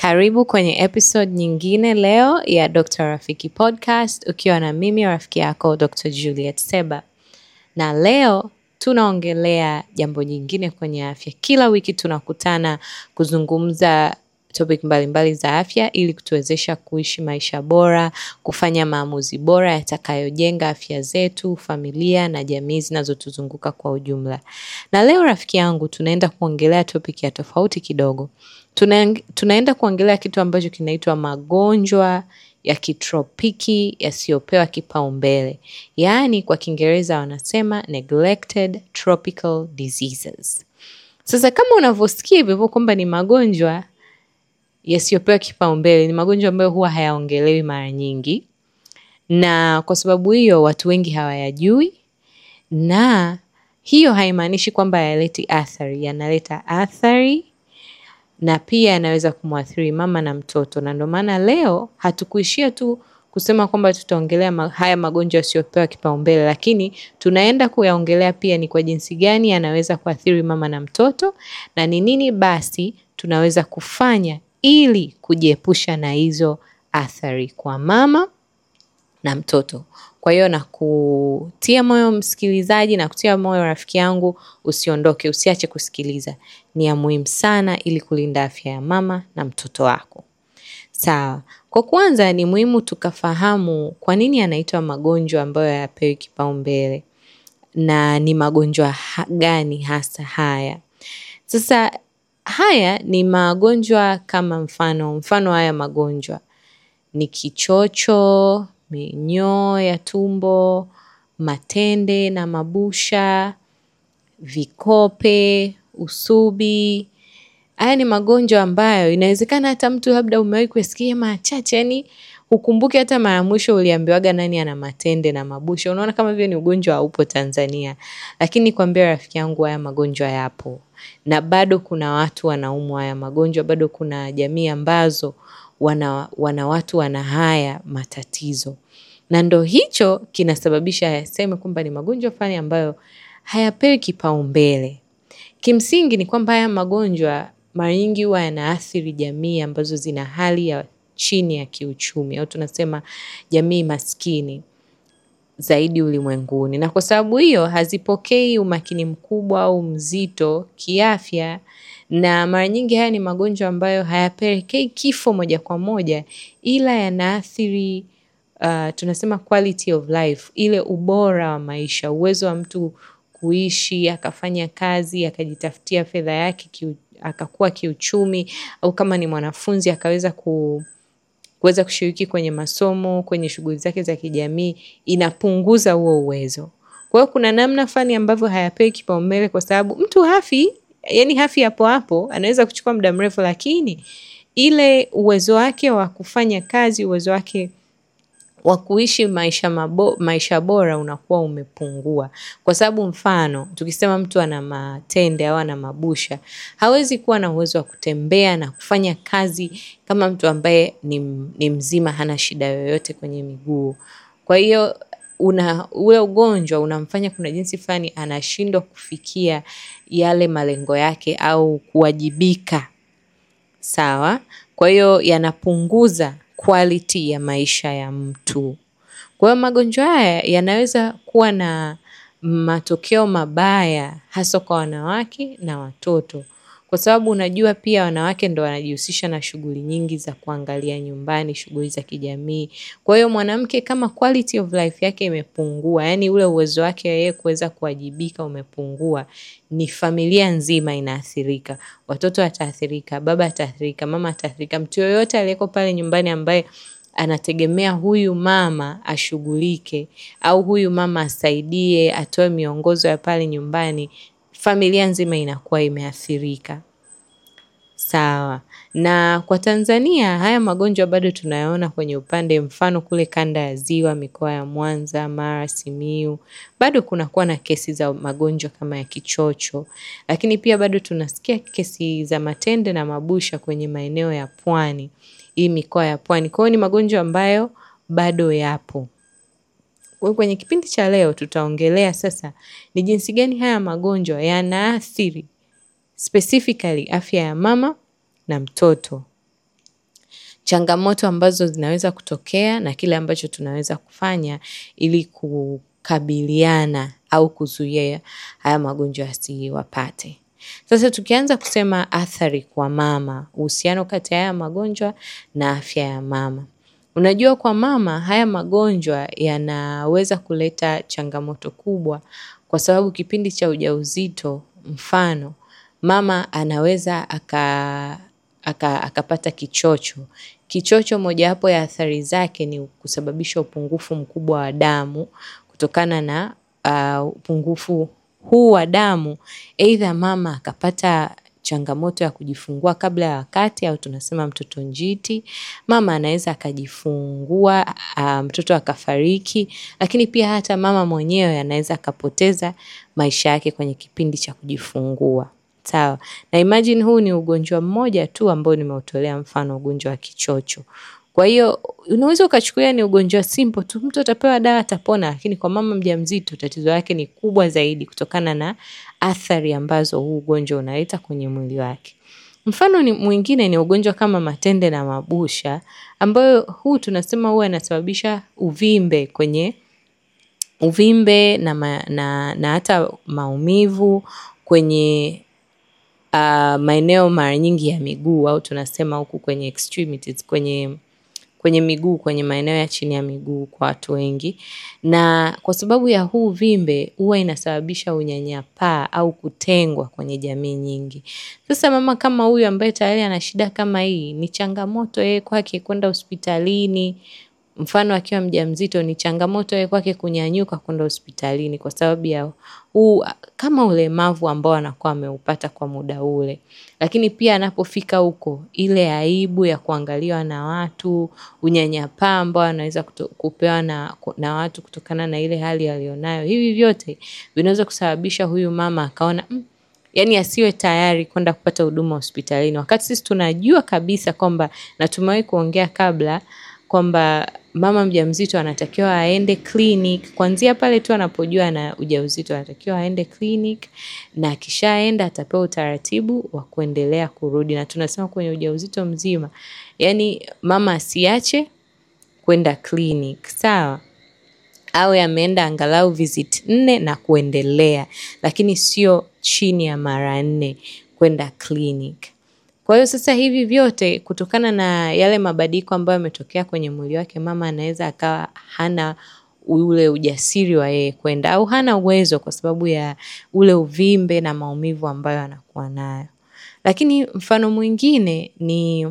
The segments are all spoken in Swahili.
Karibu kwenye episode nyingine leo ya Dr. Rafiki Podcast ukiwa na mimi rafiki yako Dr. Juliet Seba. Na leo tunaongelea jambo nyingine kwenye afya. Kila wiki tunakutana kuzungumza topic mbalimbali za afya ili kutuwezesha kuishi maisha bora, kufanya maamuzi bora yatakayojenga afya zetu, familia na jamii zinazotuzunguka kwa ujumla. Na leo rafiki yangu, tunaenda kuongelea topic ya tofauti kidogo tunaenda kuongelea kitu ambacho kinaitwa magonjwa ya kitropiki yasiyopewa kipaumbele, yaani kwa Kiingereza wanasema neglected tropical diseases. Sasa kama unavyosikia hivyo kwamba ni magonjwa yasiyopewa kipaumbele, ni magonjwa ambayo huwa hayaongelewi mara nyingi, na kwa sababu hiyo watu wengi hawayajui, na hiyo haimaanishi kwamba yaleti athari, yanaleta athari na pia yanaweza kumwathiri mama na mtoto, na ndio maana leo hatukuishia tu kusema kwamba tutaongelea ma haya magonjwa yasiyopewa kipaumbele, lakini tunaenda kuyaongelea pia ni kwa jinsi gani yanaweza kuathiri mama na mtoto na ni nini basi tunaweza kufanya ili kujiepusha na hizo athari kwa mama na mtoto. Kwa hiyo nakutia moyo msikilizaji, na kutia moyo rafiki yangu, usiondoke, usiache kusikiliza, ni ya muhimu sana ili kulinda afya ya mama na mtoto wako. Sawa, kwa kwanza ni muhimu tukafahamu kwa nini anaitwa magonjwa ambayo yapewi kipaumbele na ni magonjwa ha gani hasa haya. Sasa haya ni magonjwa kama mfano, mfano haya magonjwa ni kichocho, minyoo ya tumbo, matende na mabusha, vikope, usubi. Haya ni magonjwa ambayo inawezekana hata mtu labda umewahi kusikia machache, yani ukumbuke hata mara mwisho uliambiwaga nani ana matende na mabusha. Unaona kama vile ni ugonjwa haupo Tanzania, lakini kwambia rafiki yangu, haya magonjwa yapo na bado kuna watu wanaumwa haya magonjwa, bado kuna jamii ambazo wana, wana watu wana haya matatizo, na ndo hicho kinasababisha yaseme kwamba ni magonjwa fani ambayo hayapewi kipaumbele. Kimsingi ni kwamba haya magonjwa mara nyingi huwa yanaathiri jamii ambazo zina hali ya chini ya kiuchumi au tunasema jamii maskini zaidi ulimwenguni, na kwa sababu hiyo hazipokei umakini mkubwa au mzito kiafya na mara nyingi haya ni magonjwa ambayo hayapelekei kifo moja kwa moja, ila yanaathiri uh, tunasema quality of life, ile ubora wa maisha, uwezo wa mtu kuishi akafanya kazi akajitafutia fedha yake kiu, akakuwa kiuchumi, au kama ni mwanafunzi akaweza ku kuweza kushiriki kwenye masomo, kwenye shughuli zake za kijamii, inapunguza huo uwezo. Kwa hiyo kuna namna fani ambavyo hayapewi kipaumbele kwa sababu mtu hafi, yani hafi hapo hapo, anaweza kuchukua muda mrefu, lakini ile uwezo wake wa kufanya kazi, uwezo wake wa kuishi maisha mabo, maisha bora unakuwa umepungua, kwa sababu mfano tukisema mtu ana matende au ana mabusha, hawezi kuwa na uwezo wa kutembea na kufanya kazi kama mtu ambaye ni, ni mzima, hana shida yoyote kwenye miguu. Kwa hiyo una ule ugonjwa unamfanya kuna jinsi fulani anashindwa kufikia yale malengo yake au kuwajibika sawa. Kwa hiyo yanapunguza quality ya maisha ya mtu. Kwa hiyo magonjwa haya yanaweza kuwa na matokeo mabaya hasa kwa wanawake na watoto kwa sababu unajua pia wanawake ndo wanajihusisha na shughuli nyingi za kuangalia nyumbani, shughuli za kijamii. Kwa hiyo mwanamke kama quality of life yake imepungua, yani ule uwezo wake yeye kuweza kuwajibika umepungua, ni familia nzima inaathirika. Watoto wataathirika, baba ataathirika, mama ataathirika, mtu yoyote aliyeko pale nyumbani ambaye anategemea huyu mama ashughulike au huyu mama asaidie, atoe miongozo ya pale nyumbani, familia nzima inakuwa imeathirika. Sawa. Na kwa Tanzania haya magonjwa bado tunayaona kwenye upande mfano kule kanda ya Ziwa, mikoa ya Mwanza, Mara, simiu bado kunakuwa na kesi za magonjwa kama ya kichocho, lakini pia bado tunasikia kesi za matende na mabusha kwenye maeneo ya pwani, hii mikoa ya pwani. Kwa ni magonjwa ambayo bado yapo kwenye kipindi cha leo tutaongelea sasa ni jinsi gani haya magonjwa yanaathiri specifically afya ya mama na mtoto, changamoto ambazo zinaweza kutokea na kile ambacho tunaweza kufanya ili kukabiliana au kuzuia haya magonjwa yasiwapate. Sasa tukianza kusema athari kwa mama, uhusiano kati ya haya magonjwa na afya ya mama. Unajua kwa mama haya magonjwa yanaweza kuleta changamoto kubwa kwa sababu kipindi cha ujauzito mfano mama anaweza aka, aka, akapata kichocho. Kichocho mojawapo ya athari zake ni kusababisha upungufu mkubwa wa damu. Kutokana na uh, upungufu huu wa damu, aidha mama akapata changamoto ya kujifungua kabla ya wakati au tunasema mtoto njiti. Mama anaweza akajifungua mtoto akafariki, lakini pia hata mama mwenyewe anaweza akapoteza maisha yake kwenye kipindi cha kujifungua. Sawa, na imagine huu ni ugonjwa mmoja tu ambao nimeutolea mfano, ugonjwa wa kichocho. Kwa hiyo unaweza ukachukulia ni ugonjwa simple tu, mtu atapewa dawa atapona, lakini kwa mama mjamzito tatizo yake ni kubwa zaidi kutokana na athari ambazo huu ugonjwa unaleta kwenye mwili wake. Mfano ni mwingine ni ugonjwa kama matende na mabusha ambayo huu tunasema huwa anasababisha uvimbe kwenye uvimbe na, ma, na, na hata maumivu kwenye uh, maeneo mara nyingi ya miguu au tunasema huku kwenye extremities kwenye kwenye miguu, kwenye maeneo ya chini ya miguu kwa watu wengi, na kwa sababu ya huu vimbe huwa inasababisha unyanyapaa au kutengwa kwenye jamii nyingi. Sasa mama kama huyu ambaye tayari ana shida kama hii, ni changamoto yeye kwake kwenda hospitalini Mfano, akiwa mjamzito ni changamoto yeye kwake kunyanyuka kwenda hospitalini kwa sababu ya huu kama ulemavu ambao anakuwa ameupata kwa muda ule. Lakini pia anapofika huko, ile aibu ya kuangaliwa na watu, unyanyapaa ambao anaweza kupewa na, na watu kutokana na ile hali aliyonayo, hivi vyote vinaweza kusababisha huyu mama akaona mm, yaani asiwe tayari kwenda kupata huduma hospitalini, wakati sisi tunajua kabisa kwamba, natumewai kuongea kabla kwamba mama mjamzito anatakiwa aende clinic kuanzia pale tu anapojua na ujauzito, anatakiwa aende clinic, na akishaenda atapewa utaratibu wa kuendelea kurudi. Na tunasema kwenye ujauzito mzima, yani mama asiache kwenda clinic, sawa awe ameenda angalau visit nne na kuendelea, lakini sio chini ya mara nne kwenda clinic. Kwa hiyo sasa hivi vyote kutokana na yale mabadiliko ambayo yametokea kwenye mwili wake, mama anaweza akawa hana ule ujasiri wa yeye kwenda au hana uwezo kwa sababu ya ule uvimbe na maumivu ambayo anakuwa nayo. Lakini mfano mwingine ni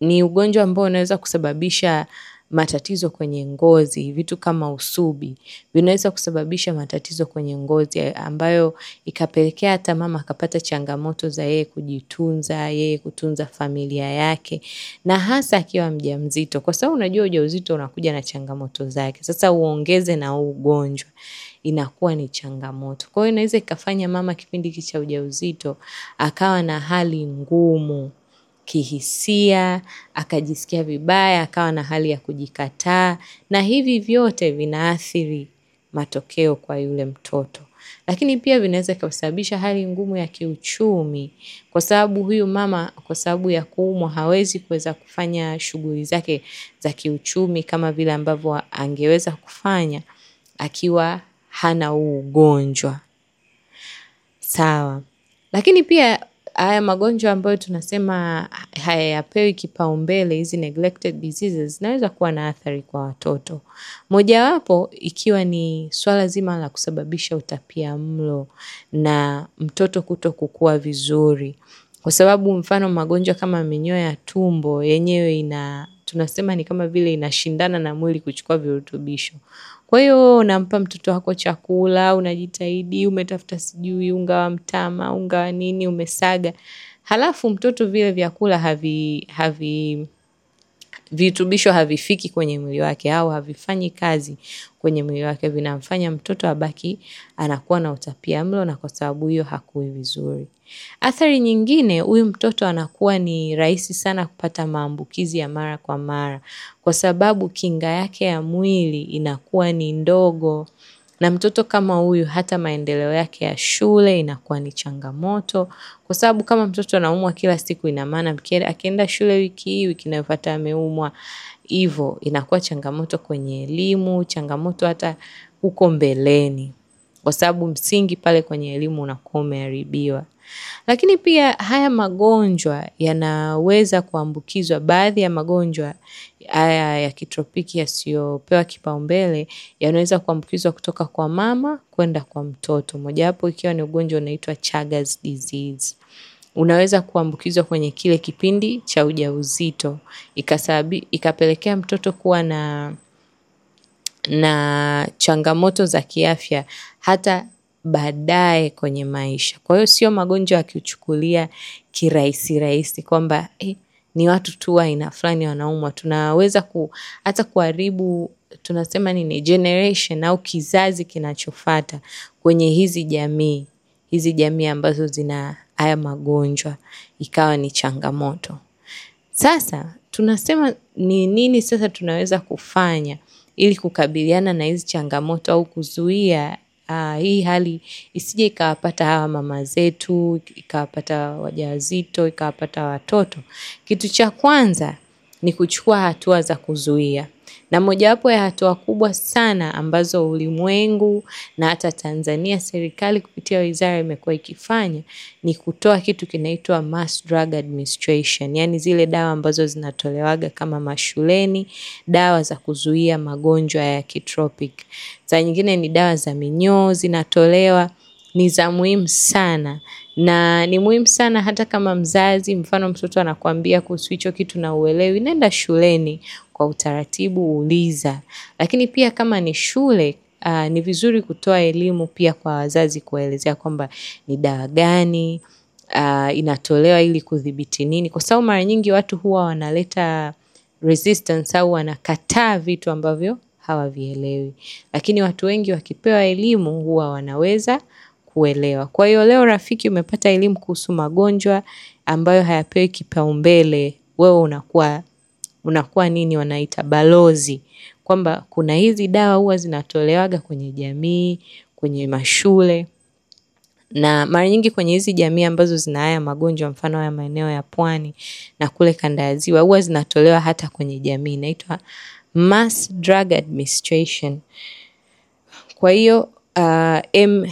ni ugonjwa ambao unaweza kusababisha matatizo kwenye ngozi, vitu kama usubi vinaweza kusababisha matatizo kwenye ngozi ambayo ikapelekea hata mama akapata changamoto za yeye kujitunza, yeye kutunza familia yake na hasa akiwa mjamzito, kwa sababu unajua ujauzito unakuja na changamoto zake. Sasa uongeze na huu ugonjwa inakuwa ni changamoto. Kwa hiyo inaweza ikafanya mama kipindi hiki cha ujauzito akawa na hali ngumu kihisia, akajisikia vibaya, akawa na hali ya kujikataa, na hivi vyote vinaathiri matokeo kwa yule mtoto. Lakini pia vinaweza kusababisha hali ngumu ya kiuchumi, kwa sababu huyu mama, kwa sababu ya kuumwa, hawezi kuweza kufanya shughuli zake za kiuchumi kama vile ambavyo angeweza kufanya akiwa hana huu ugonjwa. Sawa. Lakini pia haya magonjwa ambayo tunasema hayapewi kipaumbele, hizi neglected diseases zinaweza kuwa na athari kwa watoto, mojawapo ikiwa ni swala zima la kusababisha utapia mlo na mtoto kuto kukua vizuri, kwa sababu mfano magonjwa kama minyoo ya tumbo yenyewe ina tunasema ni kama vile inashindana na mwili kuchukua virutubisho. Kwa hiyo unampa mtoto wako chakula, unajitahidi, umetafuta sijui unga wa mtama, unga wa nini, umesaga, halafu mtoto vile vyakula havi havi virutubisho havifiki kwenye mwili wake au havifanyi kazi kwenye mwili wake, vinamfanya mtoto abaki anakuwa na utapia mlo na kwa sababu hiyo hakui vizuri. Athari nyingine, huyu mtoto anakuwa ni rahisi sana kupata maambukizi ya mara kwa mara, kwa sababu kinga yake ya mwili inakuwa ni ndogo na mtoto kama huyu hata maendeleo yake ya shule inakuwa ni changamoto, kwa sababu kama mtoto anaumwa kila siku, ina maana akienda shule wiki hii, wiki inayofuata ameumwa, hivyo inakuwa changamoto kwenye elimu, changamoto hata huko mbeleni, kwa sababu msingi pale kwenye elimu unakuwa umeharibiwa. Lakini pia haya magonjwa yanaweza kuambukizwa. Baadhi ya magonjwa haya ya kitropiki yasiyopewa kipaumbele yanaweza kuambukizwa kutoka kwa mama kwenda kwa mtoto, mojawapo ikiwa ni ugonjwa unaitwa Chagas disease. Unaweza kuambukizwa kwenye kile kipindi cha ujauzito ikasababi, ikapelekea mtoto kuwa na na changamoto za kiafya hata baadaye kwenye maisha. Kwa hiyo sio magonjwa ya kirahisi rahisi kwamba eh, ni watu tu aina fulani wanaumwa. Tunaweza ku, hata kuharibu tunasema nini generation au kizazi kinachofata kwenye hizi jamii hizi jamii ambazo zina haya magonjwa, ikawa ni changamoto. Sasa tunasema ni nini sasa tunaweza kufanya ili kukabiliana na hizi changamoto au kuzuia uh, hii hali isije ikawapata hawa mama zetu, ikawapata wajawazito, ikawapata watoto. Kitu cha kwanza ni kuchukua hatua za kuzuia na mojawapo ya hatua kubwa sana ambazo ulimwengu na hata Tanzania serikali kupitia wizara imekuwa ikifanya ni kutoa kitu kinaitwa mass drug administration, yani zile dawa ambazo zinatolewaga kama mashuleni, dawa za kuzuia magonjwa ya kitropic Saa nyingine ni dawa za minyoo zinatolewa ni za muhimu sana na ni muhimu sana hata kama mzazi, mfano mtoto anakuambia kuhusu hicho kitu na uelewi, nenda shuleni kwa utaratibu, uliza. Lakini pia kama ni shule uh, ni vizuri kutoa elimu pia kwa wazazi, kuwaelezea kwamba ni dawa gani uh, inatolewa ili kudhibiti nini, kwa sababu mara nyingi watu huwa wanaleta resistance au wanakataa vitu ambavyo hawavielewi, lakini watu wengi wakipewa elimu huwa wanaweza kuelewa. Kwa hiyo leo rafiki, umepata elimu kuhusu magonjwa ambayo hayapewi kipaumbele. Wewe unakuwa unakuwa nini wanaita balozi, kwamba kuna hizi dawa huwa zinatolewaga kwenye jamii, kwenye mashule na mara nyingi kwenye hizi jamii ambazo zina haya magonjwa, mfano haya maeneo ya pwani na kule kanda ya Ziwa, huwa zinatolewa hata kwenye jamii, inaitwa Mass Drug Administration. Kwa hiyo uh, M,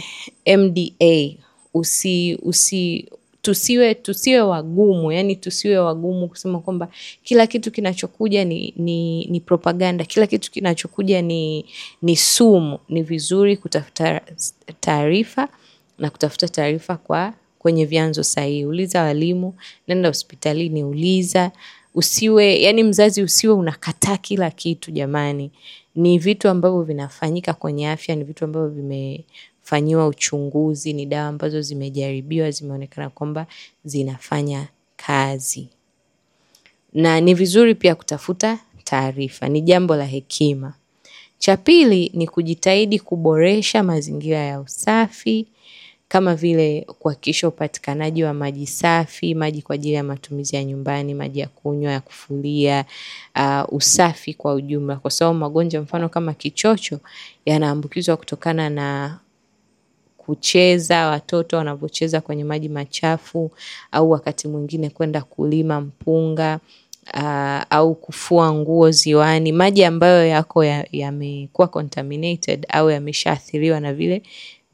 MDA usi, usi, tusiwe tusiwe wagumu, yani tusiwe wagumu kusema kwamba kila kitu kinachokuja ni, ni, ni propaganda, kila kitu kinachokuja ni, ni sumu. Ni vizuri kutafuta taarifa na kutafuta taarifa kwa kwenye vyanzo sahihi. Uliza walimu, nenda hospitalini, uliza. Usiwe yani mzazi, usiwe unakataa kila kitu jamani ni vitu ambavyo vinafanyika kwenye afya, ni vitu ambavyo vimefanyiwa uchunguzi, ni dawa ambazo zimejaribiwa, zimeonekana kwamba zinafanya kazi. Na ni vizuri pia kutafuta taarifa, ni jambo la hekima. Cha pili ni kujitahidi kuboresha mazingira ya usafi kama vile kuhakikisha upatikanaji wa maji safi, maji kwa ajili ya matumizi ya nyumbani, maji ya kunywa, ya kufulia, uh, usafi kwa ujumla, kwa sababu magonjwa mfano kama kichocho yanaambukizwa kutokana na kucheza, watoto wanavyocheza kwenye maji machafu, au wakati mwingine kwenda kulima mpunga Uh, au kufua nguo ziwani, maji ambayo yako yamekuwa ya contaminated au yameshaathiriwa na vile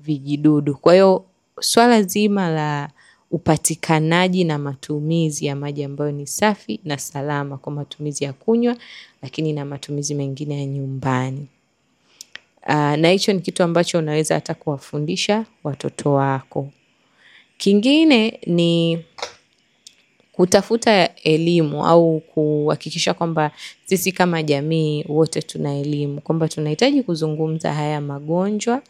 vijidudu. Kwa hiyo swala zima la upatikanaji na matumizi ya maji ambayo ni safi na salama kwa matumizi ya kunywa, lakini na matumizi mengine ya nyumbani. Uh, na hicho ni kitu ambacho unaweza hata kuwafundisha watoto wako. Kingine ni kutafuta elimu au kuhakikisha kwamba sisi kama jamii wote tuna elimu kwamba tunahitaji kuzungumza haya magonjwa,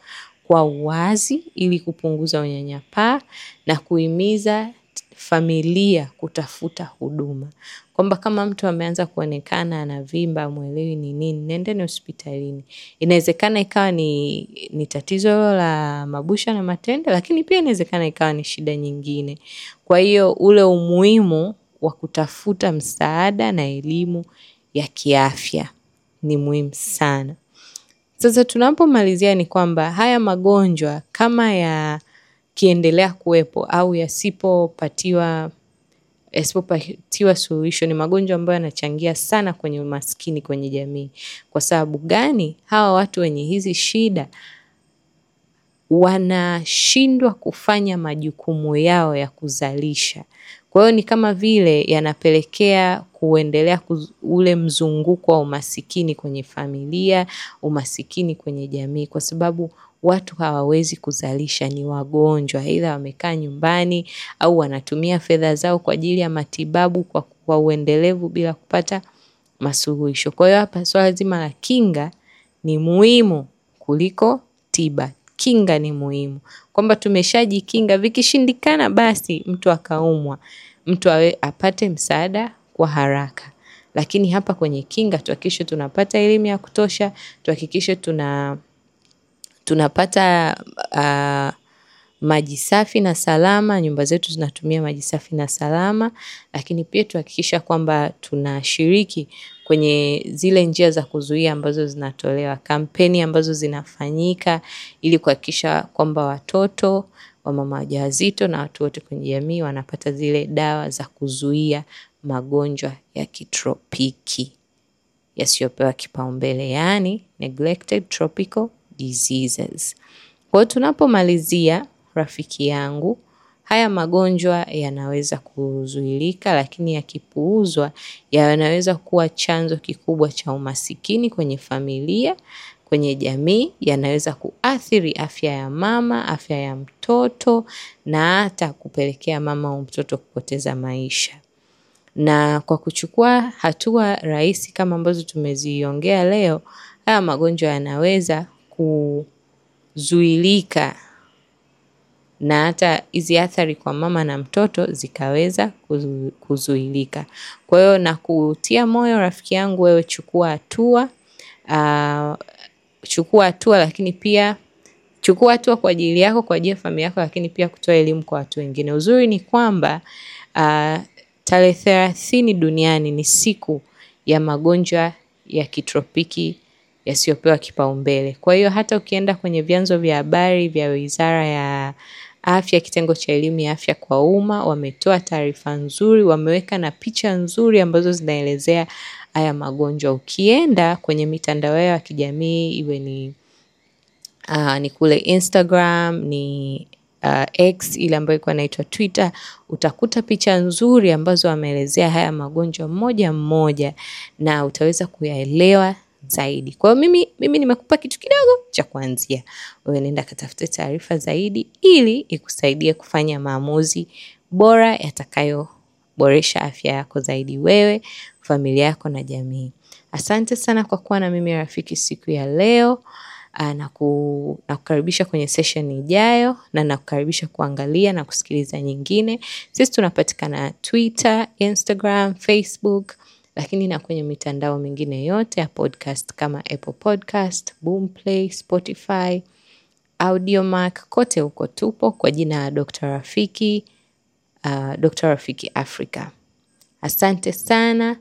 kwa uwazi ili kupunguza unyanyapaa na kuhimiza familia kutafuta huduma, kwamba kama mtu ameanza kuonekana anavimba, amwelewi ni nini, nendeni hospitalini. Inawezekana ikawa ni, ni tatizo la mabusha na matende, lakini pia inawezekana ikawa ni shida nyingine. Kwa hiyo ule umuhimu wa kutafuta msaada na elimu ya kiafya ni muhimu sana. Sasa tunapomalizia ni kwamba haya magonjwa kama yakiendelea kuwepo au yasipopatiwa yasipopatiwa suluhisho ni magonjwa ambayo yanachangia sana kwenye umaskini kwenye jamii. Kwa sababu gani? Hawa watu wenye hizi shida wanashindwa kufanya majukumu yao ya kuzalisha. Kwa hiyo ni kama vile yanapelekea kuendelea ule mzunguko wa umasikini kwenye familia, umasikini kwenye jamii kwa sababu watu hawawezi kuzalisha ni wagonjwa aidha wamekaa nyumbani au wanatumia fedha zao kwa ajili ya matibabu kwa, kwa uendelevu bila kupata masuluhisho. Kwa hiyo hapa swala zima la kinga ni muhimu kuliko tiba kinga ni muhimu, kwamba tumeshajikinga, vikishindikana basi mtu akaumwa, mtu awe apate msaada kwa haraka. Lakini hapa kwenye kinga tuhakikishe tunapata elimu ya kutosha, tuhakikishe tuna tunapata uh, maji safi na salama. Nyumba zetu zinatumia maji safi na salama, lakini pia tuhakikisha kwamba tunashiriki kwenye zile njia za kuzuia ambazo zinatolewa, kampeni ambazo zinafanyika ili kuhakikisha kwamba watoto, wamama wajawazito na watu wote kwenye jamii wanapata zile dawa za kuzuia magonjwa ya kitropiki yasiyopewa kipaumbele, yaani neglected tropical diseases. Kwa hiyo tunapomalizia rafiki yangu, haya magonjwa yanaweza kuzuilika, lakini yakipuuzwa yanaweza kuwa chanzo kikubwa cha umasikini kwenye familia, kwenye jamii, yanaweza kuathiri afya ya mama, afya ya mtoto na hata kupelekea mama au mtoto kupoteza maisha. Na kwa kuchukua hatua rahisi kama ambazo tumeziongea leo, haya magonjwa yanaweza kuzuilika na hata hizi athari kwa mama na mtoto zikaweza kuzuilika. Kwa hiyo na kutia moyo rafiki yangu, wewe chukua hatua uh, chukua hatua lakini pia chukua hatua kwa ajili yako, kwa ajili ya familia yako, lakini pia kutoa elimu kwa watu wengine. Uzuri ni kwamba uh, tarehe thelathini duniani ni siku ya magonjwa ya kitropiki yasiyopewa kipaumbele. Kwa hiyo hata ukienda kwenye vyanzo vya habari vya Wizara ya Afya, kitengo cha elimu ya afya kwa umma, wametoa taarifa nzuri, wameweka na picha nzuri ambazo zinaelezea haya magonjwa. Ukienda kwenye mitandao yao ya kijamii iwe ni uh, ni kule Instagram ni uh, X ile ambayo ilikuwa inaitwa Twitter, utakuta picha nzuri ambazo wameelezea haya magonjwa mmoja mmoja, na utaweza kuyaelewa zaidi. Kwa hiyo mimi, mimi nimekupa kitu kidogo cha kuanzia, wewe nenda katafute taarifa zaidi ili ikusaidie kufanya maamuzi bora yatakayoboresha afya yako zaidi wewe, familia yako na jamii. Asante sana kwa kuwa na mimi rafiki siku ya leo. Ah, na kukaribisha kwenye session ijayo na nakukaribisha kuangalia na kusikiliza nyingine. Sisi tunapatikana Twitter, Instagram, Facebook lakini na kwenye mitandao mingine yote ya podcast kama Apple Podcast, Boomplay, Spotify, Audiomack. Kote huko tupo kwa jina ya Dr. Rafiki, uh, Dr. Rafiki Africa. Asante sana,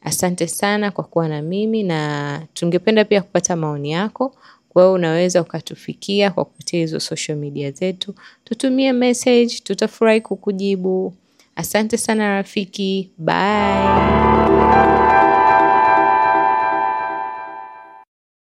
asante sana kwa kuwa na mimi, na tungependa pia kupata maoni yako. Kwa hiyo unaweza ukatufikia kwa kupitia hizo social media zetu, tutumie message, tutafurahi kukujibu. Asante sana rafiki, bye.